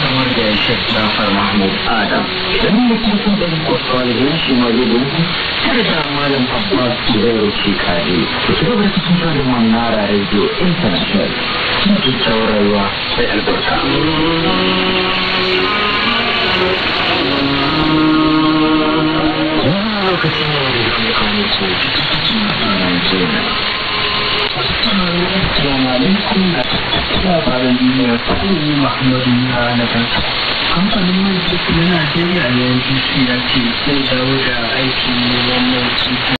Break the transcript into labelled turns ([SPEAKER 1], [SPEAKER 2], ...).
[SPEAKER 1] kamar da shek jafar mahmud adam dan ne sun da shi ma zai gudu da malam abbas ke da yau shi kaje ku ci cikin manara radio international
[SPEAKER 2] rayuwa sai albarka
[SPEAKER 3] lokacin ne da ya su السلام عليكم labaran duniya ta ne na nagarta kamfanin mai na najeriya ne ya ce zai dawo da aikin neman mai